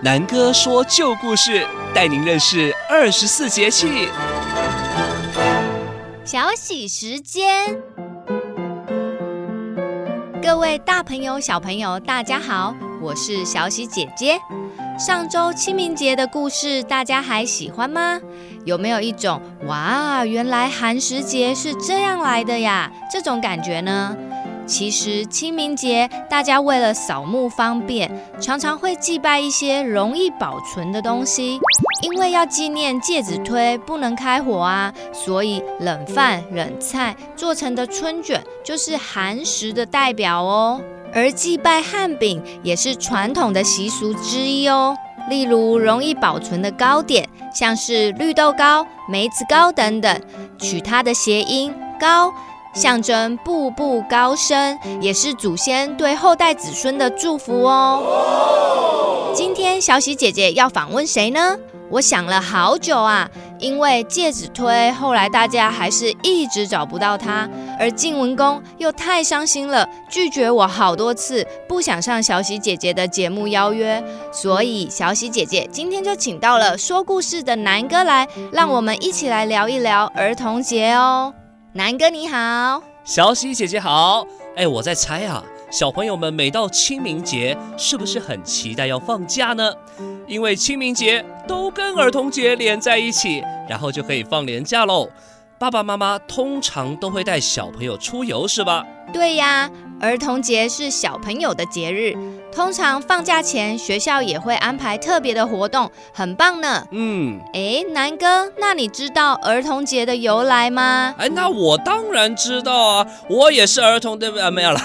南哥說舊故事，帶您認識二十四節氣。小喜時間，各位大朋友、小朋友，大家好，我是小喜姐姐。上週清明節的故事，大家還喜歡嗎？有沒有一種哇，原來寒食節是這樣來的呀？這種感覺呢？其實清明節，大家為了掃墓方便，常常會祭拜一些容易保存的東西。因為要紀念介子推，不能開火啊，所以冷飯、冷菜做成的春捲就是寒食的代表哦。而祭拜漢餅也是傳統的習俗之一哦。例如容易保存的糕點，像是綠豆糕、梅子糕等等，取它的諧音“糕”。象徵步步高升，也是祖先對後代子孫的祝福哦。哦，今天小喜姐姐要訪問誰呢？我想了好久啊，因為介子推後來大家還是一直找不到他，而晉文公又太傷心了，拒絕我好多次，不想上小喜姐姐的節目邀約。所以小喜姐姐今天就請到了說故事的南哥來，讓我們一起來聊一聊兒童節哦。南哥你好，小喜姐姐好。哎，我在猜啊，小朋友們每到清明節是不是很期待要放假呢？因為清明節都跟兒童節連在一起，然後就可以放連假嘍。爸爸媽媽通常都會帶小朋友出遊，是吧？對呀，兒童節是小朋友的節日。通常放假前，學校也會安排特別的活動，很棒呢。嗯，誒，南哥，那你知道兒童節的由來嗎？哎，那我當然知道啊，我也是兒童，對不對？啊，沒有了，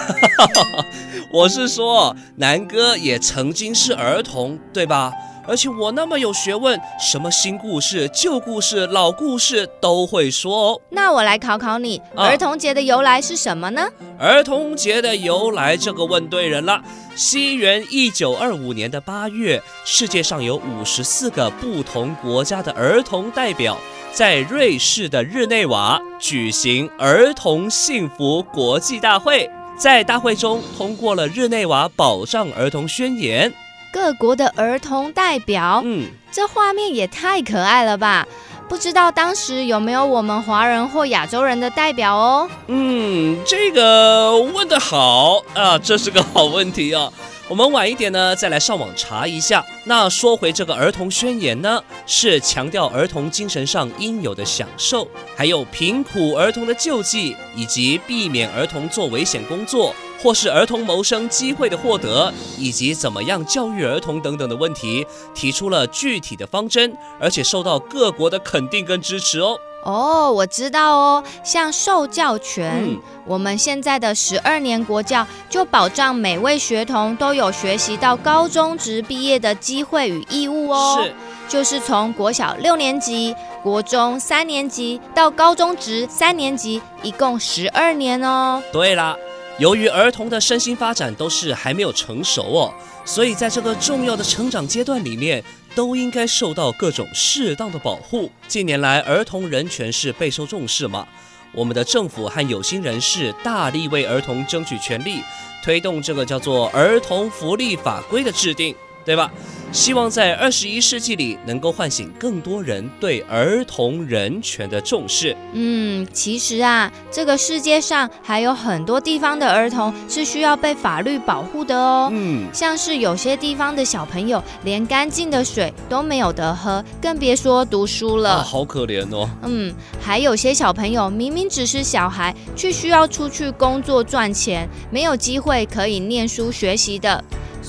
我是說，南哥也曾經是兒童，對吧？而且我那麼有學問，什麼新故事、舊故事、老故事都會說哦。那我來考考你，兒童節的由來是什麼呢？啊，兒童節的由來，這個問對人了。西元一九二五年的八月，世界上有五十四個不同國家的兒童代表，在瑞士的日內瓦舉行兒童幸福國際大會，在大會中通過了《日內瓦保障兒童宣言》。各國的兒童代表，嗯，這畫面也太可愛了吧！不知道當時有沒有我們華人或亞洲人的代表哦？嗯，這個問得好啊，這是個好問題哦、啊。我們晚一點呢，再來上網查一下。那說回這個兒童宣言呢，是強調兒童精神上應有的享受，還有貧苦兒童的救濟，以及避免兒童做危險工作。或是兒童謀生機會的獲得，以及怎麼樣教育兒童等等的問題，提出了具體的方針，而且受到各國的肯定跟支持哦。哦，我知道哦，像受教權，嗯，我們現在的十二年國教就保障每位學童都有學習到高中職畢業的機會與義務哦。是，就是從國小六年級、國中三年級到高中職三年級，一共十二年哦。對了。由於兒童的身心發展都是還沒有成熟哦，所以在這個重要的成長階段裡面，都應該受到各種適當的保護。近年來，兒童人權是備受重視嘛，我們的政府和有心人士大力為兒童爭取權利，推動這個叫做兒童福利法規的制定，對吧？希望在二十一世紀裡，能夠喚醒更多人對兒童人權的重視。嗯，其實啊，這個世界上還有很多地方的兒童是需要被法律保護的哦。嗯，像是有些地方的小朋友連乾淨的水都沒有得喝，更別說讀書了。啊，好可憐哦。嗯，還有些小朋友明明只是小孩，卻需要出去工作賺錢，沒有機會可以念書學習的。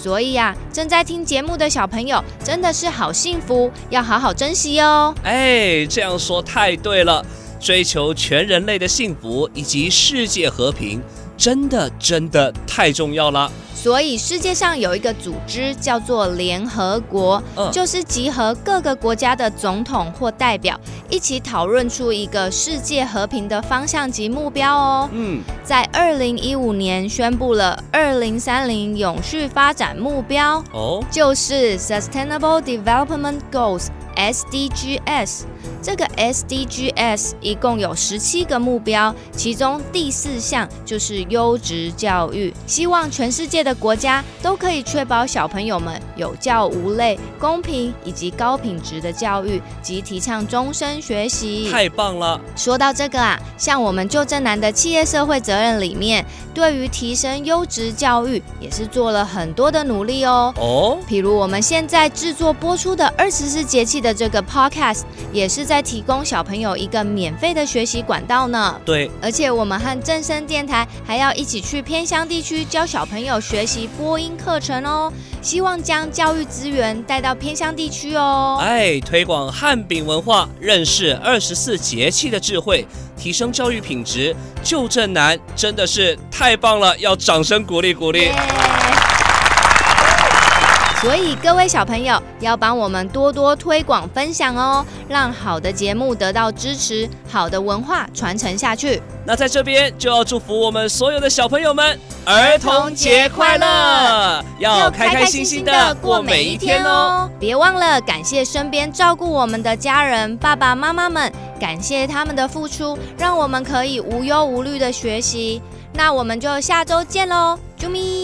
所以呀，正在聽節目的小朋友真的是好幸福，要好好珍惜哦。哎，這樣說太對了，追求全人類的幸福以及世界和平。真的真的太重要了，所以世界上有一個組織叫做聯合國，uh. 就是集合各個國家的總統或代表一起討論出一個世界和平的方向及目標哦。嗯，mm. 在二零一五年宣布了二零三零永續發展目標哦，oh. 就是 Sustainable Development Goals SDGs。這個 SDGs 一共有十七個目標，其中第四項就是優質教育，希望全世界的國家都可以確保小朋友們有教無類、公平以及高品質的教育，及提倡終身學習。太棒了！說到這個啊，像我們就政南的企業社會責任裡面，對於提升優質教育也是做了很多的努力哦。哦，譬如我們現在制作播出的二十四節氣的這個 podcast 也是。是在提供小朋友一個免費的學習管道呢。對，而且我們和正聲電台還要一起去偏鄉地區教小朋友學習播音課程哦。希望將教育資源帶到偏鄉地區哦。哎，推廣漢餅文化，認識二十四節氣的智慧，提升教育品質，就這難，真的是太棒了，要掌聲鼓勵鼓勵。所以各位小朋友要幫我們多多推廣分享哦，讓好的節目得到支持，好的文化傳承下去。那在這邊就要祝福我們所有的小朋友們兒童節快樂，要開開心心的過每一天哦！別忘了感謝身邊照顧我們的家人爸爸媽媽們，感謝他們的付出，讓我們可以無憂無慮的學習。那我們就下週見嘍，啾咪！